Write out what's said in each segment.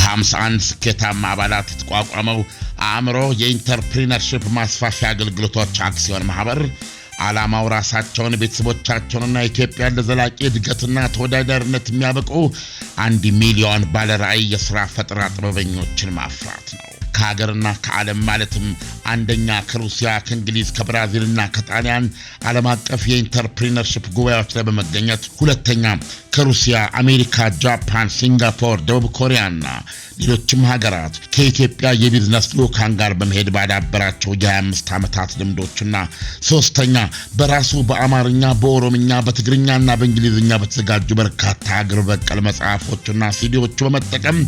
በ51 ስኬታማ አባላት የተቋቋመው አእምሮ የኢንተርፕሪነርሽፕ ማስፋፊያ አገልግሎቶች አክሲዮን ማህበር ዓላማው ራሳቸውን ቤተሰቦቻቸውንና ኢትዮጵያን ለዘላቂ እድገትና ተወዳዳሪነት የሚያበቁ አንድ ሚሊዮን ባለራዕይ የሥራ ፈጠራ ጥበበኞችን ማፍራት ነው። ከሀገርና ከዓለም ማለትም አንደኛ ከሩሲያ፣ ከእንግሊዝ፣ ከብራዚልና ከጣሊያን ዓለም አቀፍ የኢንተርፕሪነርሽፕ ጉባኤዎች ላይ በመገኘት ሁለተኛ ከሩሲያ፣ አሜሪካ፣ ጃፓን፣ ሲንጋፖር፣ ደቡብ ኮሪያና ሌሎችም ሀገራት ከኢትዮጵያ የቢዝነስ ልዑካን ጋር በመሄድ ባዳበራቸው የ25 ዓመታት ልምዶችና ሶስተኛ በራሱ በአማርኛ በኦሮምኛ በትግርኛና በእንግሊዝኛ በተዘጋጁ በርካታ ሀገር በቀል መጽሐፎችና ሲዲዎቹ በመጠቀም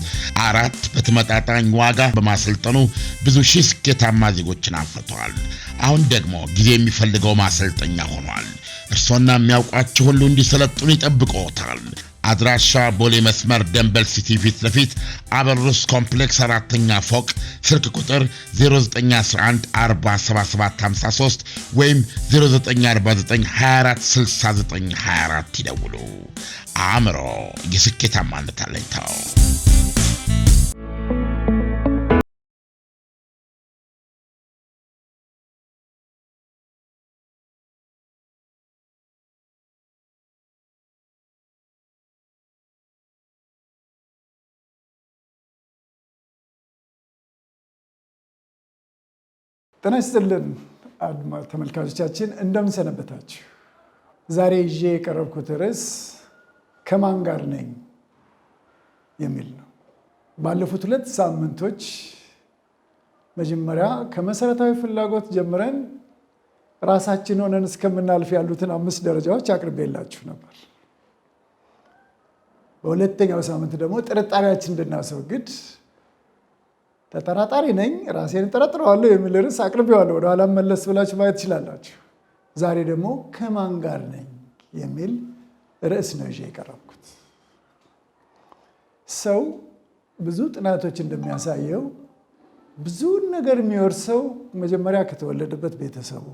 አራት በተመጣጣኝ ዋጋ በማሰልጠ ያሰለጠኑ ብዙ ሺህ ስኬታማ ዜጎችን አፍርተዋል። አሁን ደግሞ ጊዜ የሚፈልገው ማሰልጠኛ ሆኗል። እርሶና የሚያውቋቸው ሁሉ እንዲሰለጥኑ ይጠብቅዎታል። አድራሻ ቦሌ መስመር ደንበል ሲቲ ፊት ለፊት አበሩስ ኮምፕሌክስ አራተኛ ፎቅ ስልክ ቁጥር 0911477753 ወይም 0949246924 ይደውሉ። አእምሮ የስኬታማነት አለኝታው ጤና ይስጥልን ተመልካቾቻችን፣ እንደምን ሰነበታችሁ? ዛሬ ይዤ የቀረብኩት ርዕስ ከማን ጋር ነኝ የሚል ነው። ባለፉት ሁለት ሳምንቶች መጀመሪያ ከመሰረታዊ ፍላጎት ጀምረን ራሳችን ሆነን እስከምናልፍ ያሉትን አምስት ደረጃዎች አቅርቤላችሁ ነበር። በሁለተኛው ሳምንት ደግሞ ጥርጣሬያችን እንድናስወግድ ተጠራጣሪ ነኝ ራሴን እጠረጥረዋለሁ የሚል ርዕስ አቅርቤዋለሁ። ወደኋላ መለስ ብላችሁ ማየት ትችላላችሁ። ዛሬ ደግሞ ከማን ጋር ነኝ የሚል ርዕስ ነው ይዤ የቀረብኩት። ሰው ብዙ ጥናቶች እንደሚያሳየው ብዙውን ነገር የሚወርሰው መጀመሪያ ከተወለደበት ቤተሰቡ፣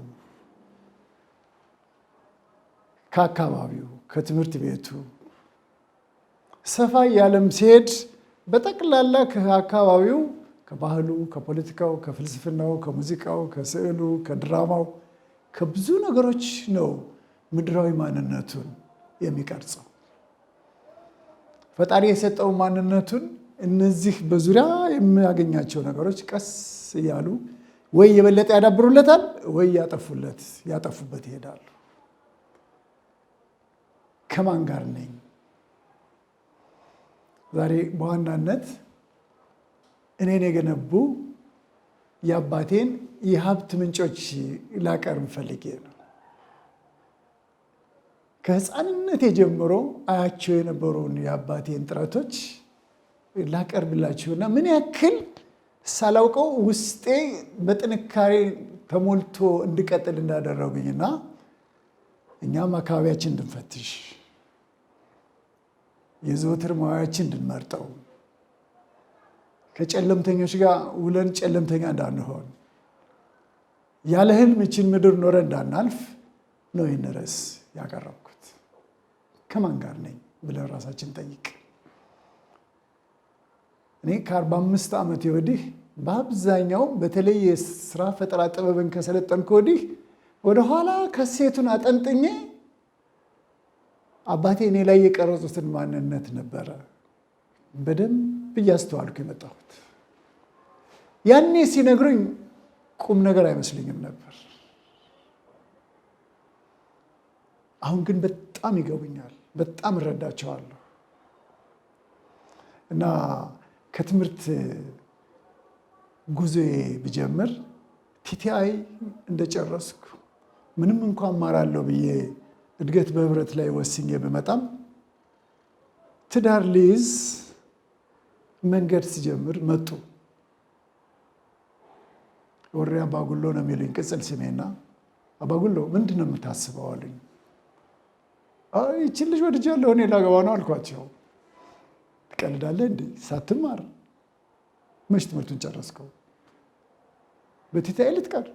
ከአካባቢው፣ ከትምህርት ቤቱ ሰፋ እያለም ሲሄድ በጠቅላላ ከአካባቢው ከባህሉ፣ ከፖለቲካው፣ ከፍልስፍናው፣ ከሙዚቃው፣ ከስዕሉ፣ ከድራማው፣ ከብዙ ነገሮች ነው ምድራዊ ማንነቱን የሚቀርጸው። ፈጣሪ የሰጠው ማንነቱን እነዚህ በዙሪያ የሚያገኛቸው ነገሮች ቀስ እያሉ ወይ የበለጠ ያዳብሩለታል ወይ ያጠፉለት ያጠፉበት ይሄዳሉ። ከማን ጋር ነኝ ዛሬ በዋናነት እኔን የገነቡ የአባቴን የሀብት ምንጮች ላቀርብ ፈልጌ ነው። ከሕፃንነቴ ጀምሮ አያቸው የነበሩን የአባቴን ጥረቶች ላቀርብላችሁና ምን ያክል ሳላውቀው ውስጤ በጥንካሬ ተሞልቶ እንድቀጥል እንዳደረጉኝና እኛም አካባቢያችን እንድንፈትሽ የዘወትር ማዋያችን እንድንመርጠው ከጨለምተኞች ጋር ውለን ጨለምተኛ እንዳንሆን ያለ ህልም ይችን ምድር ኖረ እንዳናልፍ ነው ይህን ርዕስ ያቀረብኩት። ከማን ጋር ነኝ ብለን ራሳችን ጠይቅ። እኔ ከአርባ አምስት ዓመቴ ወዲህ በአብዛኛው በተለይ የስራ ፈጠራ ጥበብን ከሰለጠንኩ ወዲህ ወደኋላ ከሴቱን አጠንጥኜ አባቴ እኔ ላይ የቀረጹትን ማንነት ነበረ በደንብ አስተዋልኩ የመጣሁት። ያኔ ሲነግሩኝ ቁም ነገር አይመስልኝም ነበር። አሁን ግን በጣም ይገቡኛል፣ በጣም እረዳቸዋለሁ። እና ከትምህርት ጉዞዬ ብጀምር ቲቲአይ እንደጨረስኩ ምንም እንኳን ማራለሁ ብዬ እድገት በህብረት ላይ ወስኜ ብመጣም ትዳር ልይዝ መንገድ ሲጀምር መጡ። ወሬ አባጉሎ ነው የሚልኝ ቅጽል ስሜና፣ አባጉሎ ምንድን ነው የምታስበው አሉኝ። ይችን ልጅ ወድጃለሁ እኔ ላገባ ነው አልኳቸው። ትቀልዳለህ እንዴ? ሳትማር መች ትምህርቱን ጨረስከው? በትታዬ ልትቀር?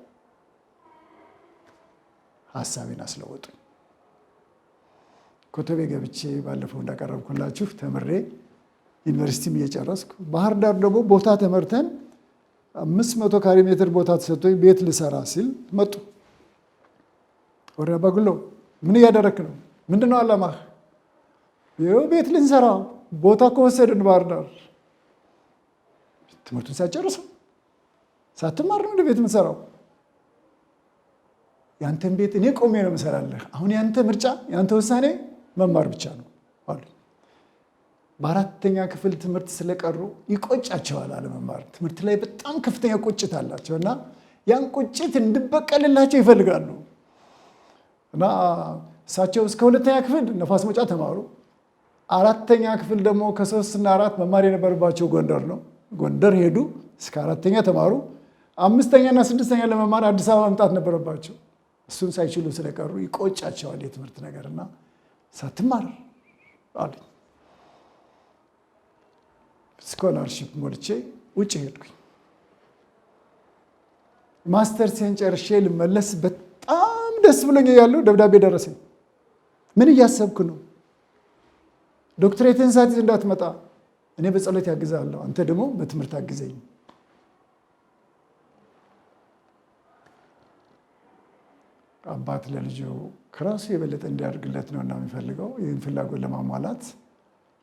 ሀሳቤን አስለወጡ። ኮተቤ ገብቼ ባለፈው እንዳቀረብኩላችሁ ተምሬ ዩኒቨርሲቲም እየጨረስኩ ባህር ዳር ደግሞ ቦታ ተመርተን አምስት መቶ ካሬ ሜትር ቦታ ተሰጥቶኝ ቤት ልሰራ ሲል መጡ። ወሬ አባጉሎ ምን እያደረክ ነው? ምንድን ነው አላማህ? ይኸው ቤት ልንሰራ ቦታ ከወሰድን ባህር ዳር። ትምህርቱን ሳጨርሰው ሳትማር ነው ቤት የምንሰራው። ያንተን ቤት እኔ ቆሜ ነው የምሰራለህ። አሁን ያንተ ምርጫ፣ ያንተ ውሳኔ መማር ብቻ ነው አሉ። በአራተኛ ክፍል ትምህርት ስለቀሩ ይቆጫቸዋል አለመማር። ትምህርት ላይ በጣም ከፍተኛ ቁጭት አላቸው እና ያን ቁጭት እንድበቀልላቸው ይፈልጋሉ እና እሳቸው እስከ ሁለተኛ ክፍል ነፋስ መውጫ ተማሩ። አራተኛ ክፍል ደግሞ እና አራት መማር የነበረባቸው ጎንደር ነው። ጎንደር ሄዱ፣ እስከ አራተኛ ተማሩ። አምስተኛና ስድስተኛ ለመማር አዲስ አበባ መምጣት ነበረባቸው። እሱን ሳይችሉ ስለቀሩ ይቆጫቸዋል የትምህርት ነገር እና ሳትማር አሉኝ ስኮላርሽፕ ሞልቼ ውጭ ሄድኩኝ። ማስተርሴን ጨርሼ ልመለስ በጣም ደስ ብሎኝ ያለው ደብዳቤ ደረሰኝ። ምን እያሰብክ ነው? ዶክትሬትን ሳትይዝ እንዳትመጣ። እኔ በጸሎት ያግዛለሁ፣ አንተ ደግሞ በትምህርት አግዘኝ። አባት ለልጁ ከራሱ የበለጠ እንዲያደርግለት ነው እና የሚፈልገው ይህን ፍላጎት ለማሟላት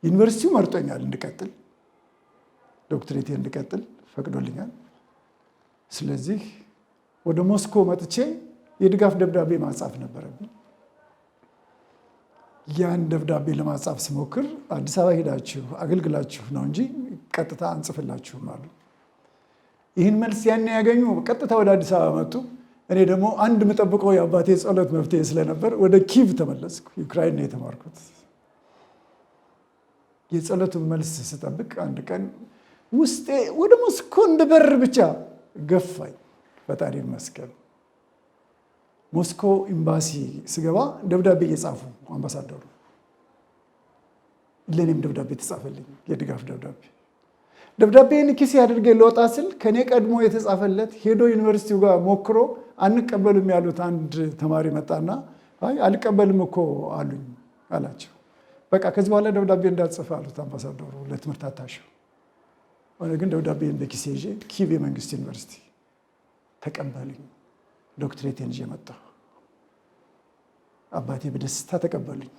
ዩኒቨርሲቲው መርጦኛል እንድቀጥል ዶክትሬቴ እንድቀጥል ፈቅዶልኛል። ስለዚህ ወደ ሞስኮ መጥቼ የድጋፍ ደብዳቤ ማጻፍ ነበረብኝ። ያን ደብዳቤ ለማጻፍ ስሞክር አዲስ አበባ ሄዳችሁ አገልግላችሁ ነው እንጂ ቀጥታ አንጽፍላችሁም አሉ። ይህን መልስ ያን ያገኙ ቀጥታ ወደ አዲስ አበባ መጡ። እኔ ደግሞ አንድ የምጠብቀው የአባቴ ጸሎት መፍትሄ ስለነበር ወደ ኪቭ ተመለስኩ። ዩክራይን ነው የተማርኩት። የጸሎቱን መልስ ስጠብቅ አንድ ቀን ውስጤ ወደ ሞስኮ በር ብቻ ገፋኝ። ፈጣሪ ይመስገን። ሞስኮ ኤምባሲ ስገባ ደብዳቤ እየጻፉ አምባሳደሩ ለእኔም ደብዳቤ ተጻፈልኝ፣ የድጋፍ ደብዳቤ። ደብዳቤን ኪስ ያድርገ ለወጣ ስል ከእኔ ቀድሞ የተጻፈለት ሄዶ ዩኒቨርሲቲው ጋር ሞክሮ አንቀበሉም ያሉት አንድ ተማሪ መጣና አይ አልቀበልም እኮ አሉኝ አላቸው። በቃ ከዚህ በኋላ ደብዳቤ እንዳጽፈ አሉት አምባሳደሩ ለትምህርት አታሸው ሆነ ግን ደብዳቤን በኪሴ ይዤ ኪቭ የመንግስት ዩኒቨርሲቲ ተቀበሉኝ። ዶክትሬቴን ይዤ መጣሁ። አባቴ በደስታ ተቀበሉኝ።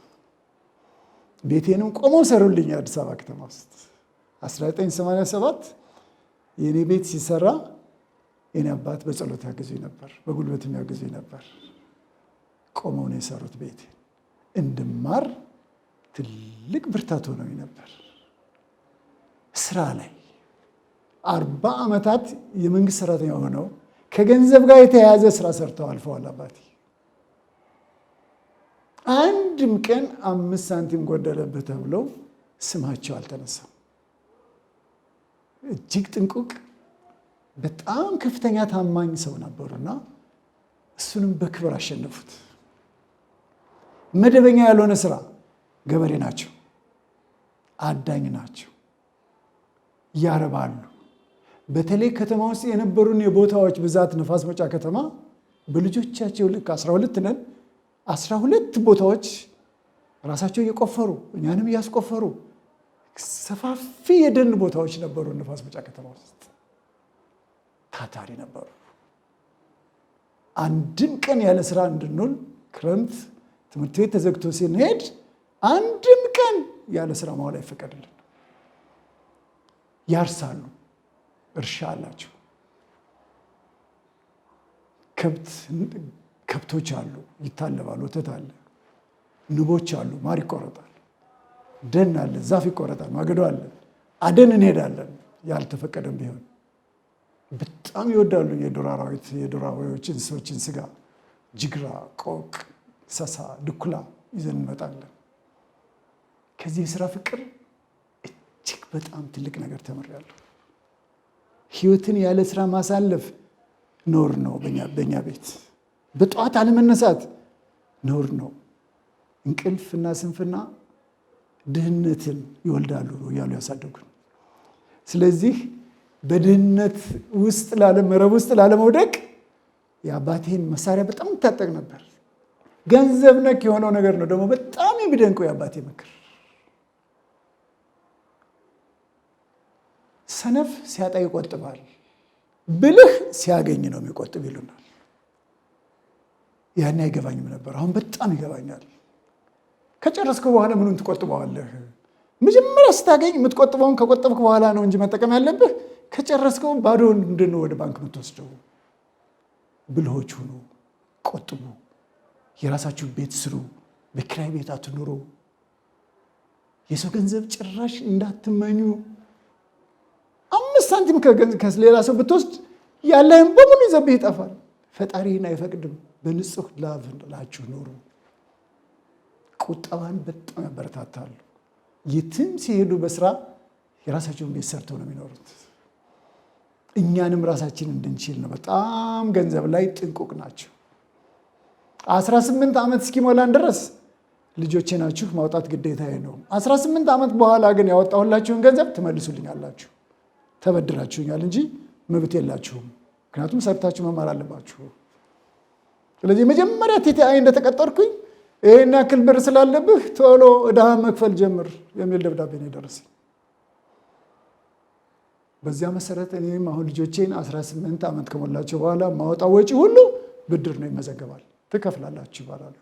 ቤቴንም ቆመው ሰሩልኝ። አዲስ አበባ ከተማ ውስጥ 1987 የእኔ ቤት ሲሰራ የኔ አባት በጸሎት ያግዙኝ ነበር፣ በጉልበትም ያግዙኝ ነበር። ቆመው ነው የሰሩት ቤቴ። እንድማር ትልቅ ብርታት ሆነው ነበር ስራ ላይ አርባ ዓመታት የመንግስት ሰራተኛ ሆነው ከገንዘብ ጋር የተያያዘ ስራ ሰርተው አልፈዋል። አባቴ አንድም ቀን አምስት ሳንቲም ጎደለብህ ተብለው ስማቸው አልተነሳም። እጅግ ጥንቁቅ፣ በጣም ከፍተኛ ታማኝ ሰው ነበሩና እሱንም በክብር አሸነፉት። መደበኛ ያልሆነ ስራ ገበሬ ናቸው፣ አዳኝ ናቸው፣ ያረባሉ በተለይ ከተማ ውስጥ የነበሩን የቦታዎች ብዛት ነፋስ መጫ ከተማ በልጆቻቸው ልክ 12 ነን 12 ቦታዎች ራሳቸው እየቆፈሩ እኛንም እያስቆፈሩ ሰፋፊ የደን ቦታዎች ነበሩ። ነፋስ መጫ ከተማ ውስጥ ታታሪ ነበሩ። አንድም ቀን ያለ ስራ እንድንውል ክረምት ትምህርት ቤት ተዘግቶ ስንሄድ አንድም ቀን ያለ ስራ መዋል አይፈቀድልን። ያርሳሉ እርሻ አላቸው። ከብቶች አሉ፣ ይታለባል፣ ወተት አለ፣ ንቦች አሉ፣ ማር ይቆረጣል፣ ደን አለ፣ ዛፍ ይቆረጣል፣ ማገዶ አለ፣ አደን እንሄዳለን፣ ያልተፈቀደም ቢሆን በጣም ይወዳሉ። የዱር አራዊት፣ የዱር እንስሶችን ስጋ፣ ጅግራ፣ ቆቅ፣ ሰሳ፣ ድኩላ ይዘን እንመጣለን። ከዚህ የስራ ፍቅር እጅግ በጣም ትልቅ ነገር ተምሬያለሁ። ህይወትን ያለ ስራ ማሳለፍ ነውር ነው። በእኛ ቤት በጠዋት አለመነሳት ነውር ነው። እንቅልፍና ስንፍና ድህነትን ይወልዳሉ እያሉ ያሳደጉን። ስለዚህ በድህነት ውስጥ ላለመረብ ውስጥ ላለመውደቅ የአባቴን መሳሪያ በጣም ይታጠቅ ነበር። ገንዘብ ነክ የሆነው ነገር ነው ደግሞ በጣም የሚደንቀው የአባቴ ምክር ሰነፍ ሲያጣ ይቆጥባል፣ ብልህ ሲያገኝ ነው የሚቆጥብ ይሉናል። ያኔ አይገባኝም ነበር፣ አሁን በጣም ይገባኛል። ከጨረስከው በኋላ ምኑን ትቆጥበዋለህ? መጀመሪያ ስታገኝ የምትቆጥበውን ከቆጠብክ በኋላ ነው እንጂ መጠቀም ያለብህ። ከጨረስከው ባዶ ምንድነው ወደ ባንክ የምትወስደው? ብልሆች ሁኑ፣ ቆጥቡ፣ የራሳችሁ ቤት ስሩ፣ በኪራይ ቤት አትኑሩ፣ የሰው ገንዘብ ጭራሽ እንዳትመኙ። ሳንቲም ከሌላ ሰው ብትወስድ ያለህን በሙሉ ይዘብህ ይጠፋል። ፈጣሪህን አይፈቅድም። በንጹህ ላብ ላችሁ ኑሩ። ቁጠባን በጣም ያበረታታሉ። የትም ሲሄዱ በስራ የራሳቸውን ቤት ሰርተው ነው የሚኖሩት። እኛንም ራሳችን እንድንችል ነው። በጣም ገንዘብ ላይ ጥንቁቅ ናቸው። አስራ ስምንት ዓመት እስኪሞላን ድረስ ልጆቼ ናችሁ ማውጣት ግዴታዬ ነው። አስራ ስምንት ዓመት በኋላ ግን ያወጣሁላችሁን ገንዘብ ትመልሱልኛላችሁ። ተበድራችሁኛል እንጂ መብት የላችሁም። ምክንያቱም ሰርታችሁ መማር አለባችሁ። ስለዚህ መጀመሪያ አይ እንደተቀጠርኩኝ ይህን ያክል ብር ስላለብህ ቶሎ እዳ መክፈል ጀምር የሚል ደብዳቤ ነው የደረሰኝ። በዚያ መሰረት እኔም አሁን ልጆቼን 18 ዓመት ከሞላቸው በኋላ ማወጣ ወጪ ሁሉ ብድር ነው ይመዘገባል። ትከፍላላችሁ ይባላሉ።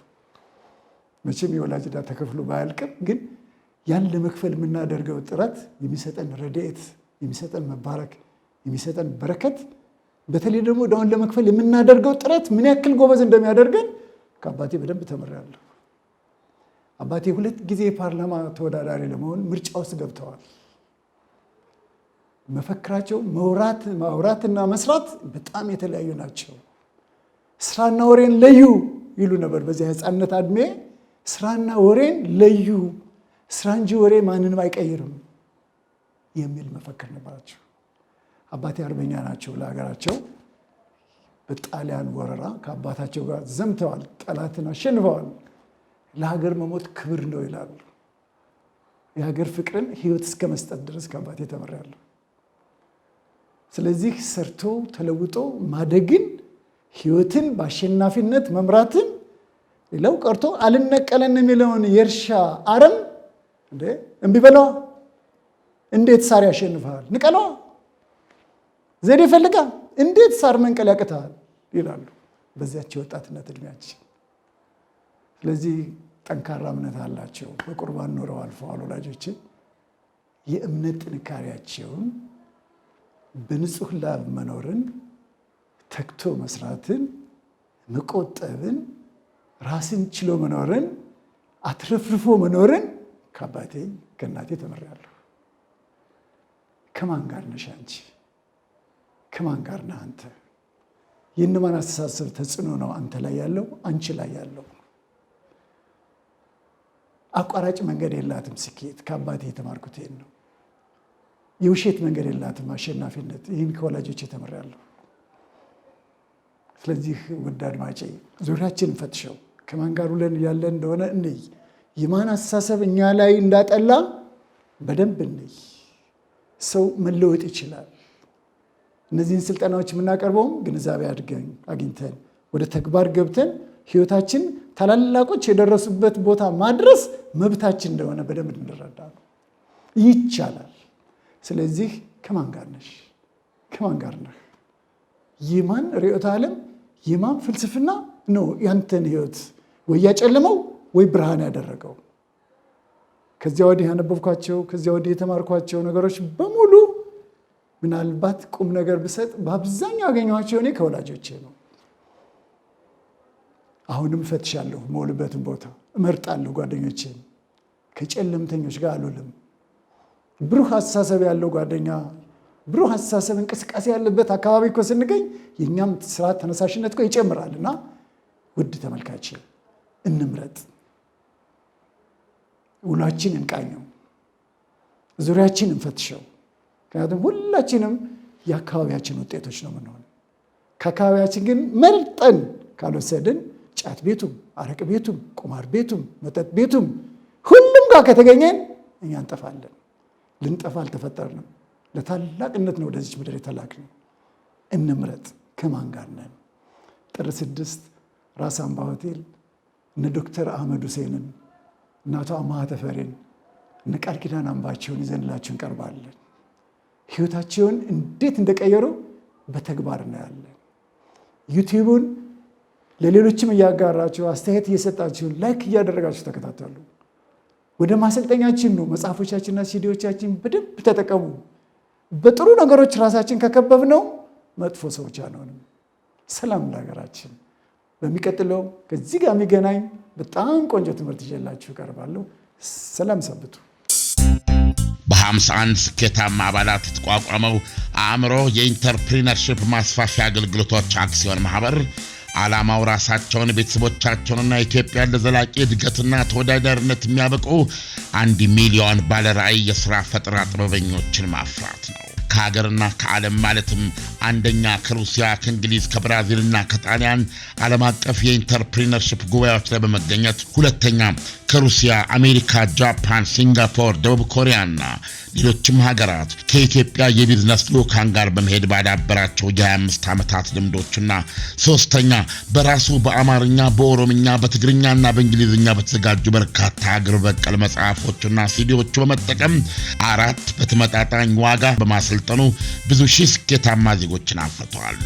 መቼም የወላጅ ዕዳ ተከፍሎ ባያልቅም ግን ያን ለመክፈል የምናደርገው ጥረት የሚሰጠን ረድኤት የሚሰጠን መባረክ የሚሰጠን በረከት በተለይ ደግሞ ዕዳውን ለመክፈል የምናደርገው ጥረት ምን ያክል ጎበዝ እንደሚያደርገን ከአባቴ በደንብ ተምሬያለሁ። አባቴ ሁለት ጊዜ የፓርላማ ተወዳዳሪ ለመሆን ምርጫ ውስጥ ገብተዋል። መፈክራቸው መውራት ማውራትና መስራት በጣም የተለያዩ ናቸው። ስራና ወሬን ለዩ ይሉ ነበር። በዚያ የሕፃንነት አድሜ ስራና ወሬን ለዩ። ስራ እንጂ ወሬ ማንንም አይቀይርም። የሚል መፈክር ነበራቸው። አባቴ አርበኛ ናቸው። ለሀገራቸው በጣሊያን ወረራ ከአባታቸው ጋር ዘምተዋል፣ ጠላትን አሸንፈዋል። ለሀገር መሞት ክብር ነው ይላሉ። የሀገር ፍቅርን ህይወት እስከ መስጠት ድረስ ከአባቴ ተምሬያለሁ። ስለዚህ ሰርቶ ተለውጦ ማደግን፣ ህይወትን በአሸናፊነት መምራትን፣ ሌላው ቀርቶ አልነቀለን የሚለውን የእርሻ አረም እንዴ እምቢ በለዋ እንዴት ሳር ያሸንፍሃል? ንቀለ ዘዴ ፈልጋ እንዴት ሳር መንቀል ያቅትሃል? ይላሉ በዚያች የወጣትነት እድሜያችን። ስለዚህ ጠንካራ እምነት አላቸው። በቁርባን ኖረው አልፈዋል። ወላጆች የእምነት ጥንካሬያቸውን በንጹህ ላብ መኖርን፣ ተግቶ መስራትን፣ መቆጠብን፣ ራስን ችሎ መኖርን፣ አትረፍርፎ መኖርን ከአባቴ ከእናቴ ተምሬያለሁ። ከማን ጋር ነሽ አንቺ? ከማን ጋር ነህ አንተ? የእነማን አስተሳሰብ ተጽዕኖ ነው አንተ ላይ ያለው አንቺ ላይ ያለው? አቋራጭ መንገድ የላትም ስኬት። ከአባቴ የተማርኩት ይህን ነው። የውሸት መንገድ የላትም አሸናፊነት። ይህን ከወላጆች የተምሬያለሁ። ስለዚህ ውድ አድማጬ ዙሪያችን ፈትሸው ከማን ጋር ውለን ያለን እንደሆነ እንይ። የማን አስተሳሰብ እኛ ላይ እንዳጠላ በደንብ እንይ። ሰው መለወጥ ይችላል። እነዚህን ስልጠናዎች የምናቀርበውም ግንዛቤ አድገን አግኝተን ወደ ተግባር ገብተን ህይወታችን ታላላቆች የደረሱበት ቦታ ማድረስ መብታችን እንደሆነ በደንብ እንረዳ ነው። ይቻላል። ስለዚህ ከማን ጋር ነሽ? ከማን ጋር ነህ? የማን ርዕዮተ ዓለም የማን ፍልስፍና ነው ያንተን ህይወት ወይ ያጨለመው ወይ ብርሃን ያደረገው? ከዚያ ወዲህ ያነበብኳቸው ከዚያ ወዲህ የተማርኳቸው ነገሮች በሙሉ ምናልባት ቁም ነገር ብሰጥ በአብዛኛው ያገኘኋቸው እኔ ከወላጆቼ ነው። አሁንም ፈትሻለሁ፣ መውልበትን ቦታ እመርጣለሁ። ጓደኞቼን ከጨለምተኞች ጋር አልውልም። ብሩህ አስተሳሰብ ያለው ጓደኛ፣ ብሩህ አስተሳሰብ እንቅስቃሴ ያለበት አካባቢ እኮ ስንገኝ የእኛም ስራ ተነሳሽነት እኮ ይጨምራል። እና ውድ ተመልካቼ እንምረጥ። ውሏችን እንቃኘው፣ ዙሪያችን እንፈትሸው። ምክንያቱም ሁላችንም የአካባቢያችን ውጤቶች ነው ምንሆን። ከአካባቢያችን ግን መልጠን ካልወሰድን ጫት ቤቱም፣ አረቅ ቤቱም፣ ቁማር ቤቱም፣ መጠጥ ቤቱም ሁሉም ጋር ከተገኘን እኛ እንጠፋለን። ልንጠፋ አልተፈጠርንም። ለታላቅነት ነው ወደዚች ምድር የተላክነው። እንምረጥ። ከማን ጋር ነን? ጥር ስድስት ራስ አምባ ሆቴል እነ ዶክተር አህመድ ሁሴንን እናቷ ማህተፈሬን እነ ቃል ኪዳን አምባቸውን ይዘንላችሁ እንቀርባለን። ህይወታቸውን እንዴት እንደቀየሩ በተግባር እናያለን። ዩቲዩቡን ለሌሎችም እያጋራችሁ አስተያየት እየሰጣችሁ ላይክ እያደረጋችሁ ተከታተሉ። ወደ ማሰልጠኛችን ነው። መጽሐፎቻችንና ሲዲዎቻችን በደንብ ተጠቀሙ። በጥሩ ነገሮች ራሳችን ከከበብ ነው መጥፎ ሰዎች አንሆንም። ሰላም ለሀገራችን። በሚቀጥለው ከዚህ ጋር የሚገናኝ በጣም ቆንጆ ትምህርት ይዤላችሁ እቀርባለሁ። ሰላም ሰብቱ በሃምሳ አንድ ስኬታማ አባላት የተቋቋመው አእምሮ የኢንተርፕሪነርሽፕ ማስፋፊያ አገልግሎቶች አክሲዮን ማህበር ዓላማው ራሳቸውን ቤተሰቦቻቸውንና ኢትዮጵያን ለዘላቂ እድገትና ተወዳዳሪነት የሚያበቁ አንድ ሚሊዮን ባለራዕይ የሥራ ፈጠራ ጥበበኞችን ማፍራት ነው። ከሀገርና ከዓለም ማለትም አንደኛ ከሩሲያ ከእንግሊዝ ከብራዚልና ከጣሊያን ዓለም አቀፍ የኢንተርፕሪነርሽፕ ጉባኤዎች ላይ በመገኘት ሁለተኛ ከሩሲያ፣ አሜሪካ፣ ጃፓን፣ ሲንጋፖር፣ ደቡብ ኮሪያና ሌሎችም ሀገራት ከኢትዮጵያ የቢዝነስ ልኡካን ጋር በመሄድ ባዳበራቸው የ25 ዓመታት ልምዶችና ሶስተኛ በራሱ በአማርኛ በኦሮምኛ በትግርኛና በእንግሊዝኛ በተዘጋጁ በርካታ ሀገር በቀል መጽሐፎችና ሲዲዎቹ በመጠቀም አራት በተመጣጣኝ ዋጋ በማስል ያሰለጠኑ ብዙ ሺህ ስኬታማ ዜጎችን አፍርተዋል።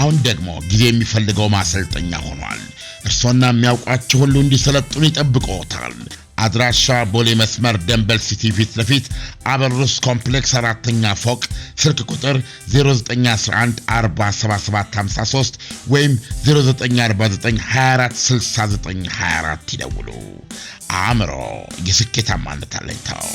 አሁን ደግሞ ጊዜ የሚፈልገው ማሰልጠኛ ሆኗል። እርሶና የሚያውቋቸው ሁሉ እንዲሰለጥኑ ይጠብቅዎታል። አድራሻ ቦሌ መስመር ደንበል ሲቲ ፊት ለፊት አበሩስ ኮምፕሌክስ አራተኛ ፎቅ ስልክ ቁጥር 0911477753 ወይም 0949246924 ይደውሉ። አእምሮ የስኬታማነት አለኝታው